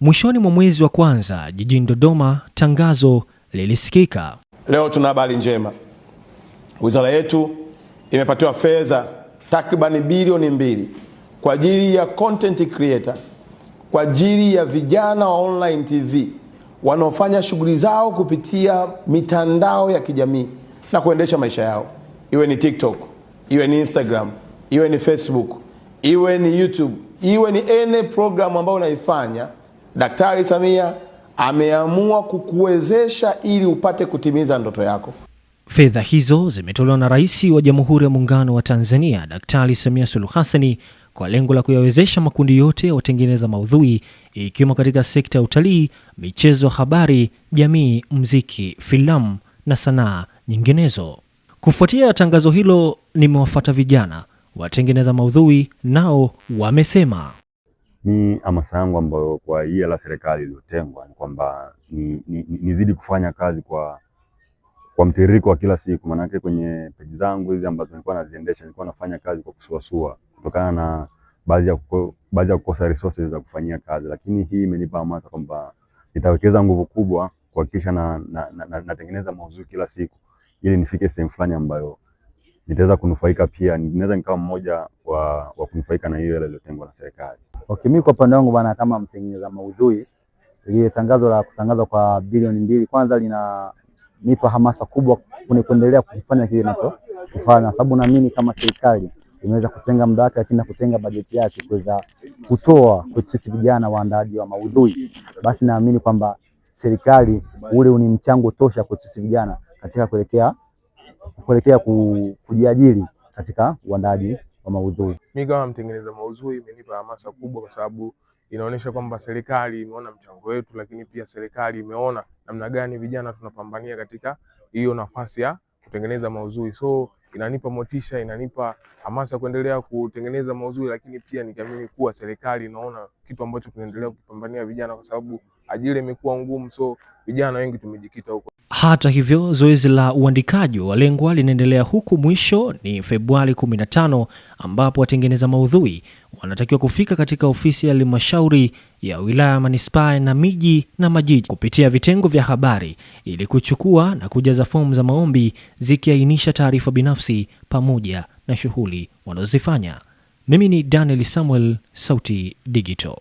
Mwishoni mwa mwezi wa kwanza jijini Dodoma, tangazo lilisikika. Leo tuna habari njema, wizara yetu imepatiwa fedha takribani bilioni mbili kwa ajili ya content creator, kwa ajili ya vijana wa online TV wanaofanya shughuli zao kupitia mitandao ya kijamii na kuendesha maisha yao, iwe ni TikTok, iwe ni Instagram, iwe ni Facebook, iwe ni YouTube, iwe ni any program ambayo unaifanya Daktari Samia ameamua kukuwezesha ili upate kutimiza ndoto yako. Fedha hizo zimetolewa na Rais wa Jamhuri ya Muungano wa Tanzania Daktari Samia Suluhu Hassani kwa lengo la kuyawezesha makundi yote ya watengeneza maudhui ikiwemo katika sekta ya utalii, michezo, habari, jamii, muziki, filamu na sanaa nyinginezo. Kufuatia tangazo hilo, nimewafuata vijana watengeneza maudhui, nao wamesema ni hamasa yangu ambayo kwa hii hela serikali iliyotengwa ni kwamba nizidi kufanya kazi kwa kwa mtiririko wa kila siku, maanake kwenye peji zangu hizi ambazo nilikuwa naziendesha nilikuwa nafanya kazi kwa kusuasua kutokana na baadhi ya baadhi ya kukosa resources za kufanyia kazi, lakini hii imenipa hamasa kwamba nitawekeza nguvu kubwa kuhakikisha na, na, na, na, natengeneza maudhui kila siku ili nifike sehemu fulani ambayo nitaweza kunufaika pia, ninaweza nikawa mmoja wa, wa kunufaika na hiyo hela iliyotengwa na serikali. Okay, mimi kwa upande wangu bwana, kama mtengeneza maudhui, ile tangazo la kutangaza kwa bilioni mbili kwanza lina nipa hamasa kubwa kuendelea kufanya kile kufanya, sababu naamini kama serikali imeweza kutenga muda wake, lakini na kutenga bajeti yake kuweza kutoa kwa sisi vijana waandaaji wa maudhui, basi naamini kwamba serikali ule ni mchango tosha kwa sisi vijana katika kuelekea kuelekea kujiajiri katika uandaaji wa maudhui. Mimi kama mtengeneza maudhui imenipa hamasa kubwa, kwa sababu inaonyesha kwamba serikali imeona mchango wetu, lakini pia serikali imeona namna gani vijana tunapambania katika hiyo nafasi ya kutengeneza maudhui so inanipa motisha, inanipa hamasa kuendelea kutengeneza mauzuri, lakini pia nikiamini kuwa serikali inaona kitu ambacho tunaendelea kupambania vijana, kwa sababu ajira imekuwa ngumu, so vijana wengi tumejikita huko. Hata hivyo, zoezi la uandikaji wa lengwa linaendelea huku mwisho ni Februari 15 ambapo watengeneza maudhui wanatakiwa kufika katika ofisi ya halmashauri ya wilaya manispaa na miji na majiji kupitia vitengo vya habari ili kuchukua na kujaza fomu za maombi zikiainisha taarifa binafsi pamoja na shughuli wanazozifanya. Mimi ni Daniel Samuel, Sauti Digital.